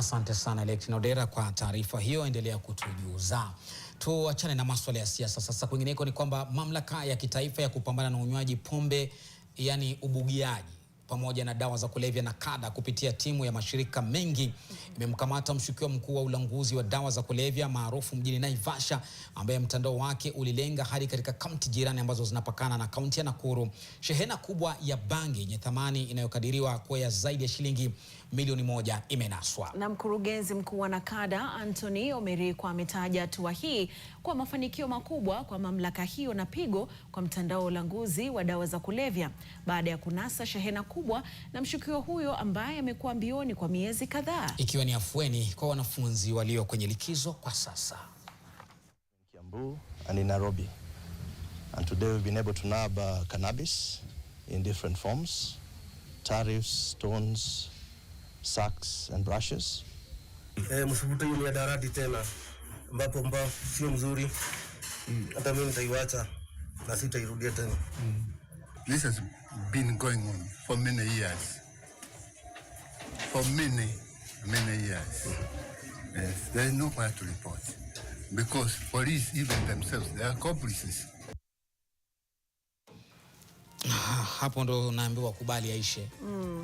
Asante sana Elektrina Odera kwa taarifa hiyo, endelea kutujuza. Tuachane na maswala ya siasa sasa. Kwingineko ni kwamba mamlaka ya kitaifa ya kupambana na unywaji pombe, yani ubugiaji pamoja na dawa za kulevya kada kupitia timu ya mashirika mengi imemkamata mshukiwa mkuu wa ulanguzi wa dawa za kulevya maarufu mjini Naivasha ambaye mtandao wake ulilenga hadi katika kaunti jirani ambazo zinapakana na kaunti ya Nakuru. Shehena kubwa ya bangi yenye thamani inayokadiriwa kuwa ya zaidi ya shilingi milioni moja imenaswa. Na mkurugenzi mkuu wa nakada Anthony Omerikwa ametaja hatua hii kwa mafanikio makubwa kwa mamlaka hiyo na pigo kwa mtandao wa ulanguzi wa dawa za kulevya baada ya kunasa shehena kubwa makubwa na mshukiwa huyo ambaye amekuwa mbioni kwa miezi kadhaa, ikiwa ni afueni kwa wanafunzi walio kwenye likizo kwa sasa. Kiambu and in Nairobi and today we've been able to nab uh, cannabis in different forms tariffs, stones, sacks and brushes. Eh, hiyo tena ambapo mbao sio mzuri, hata mimi nitaiwacha na sitairudia tena. Mm. This has been going on for many years. For many, many years. Yes, there is nowhere to report because police, even themselves, they are accomplices. Hapo ndo naambiwa kubali aishe. Mm.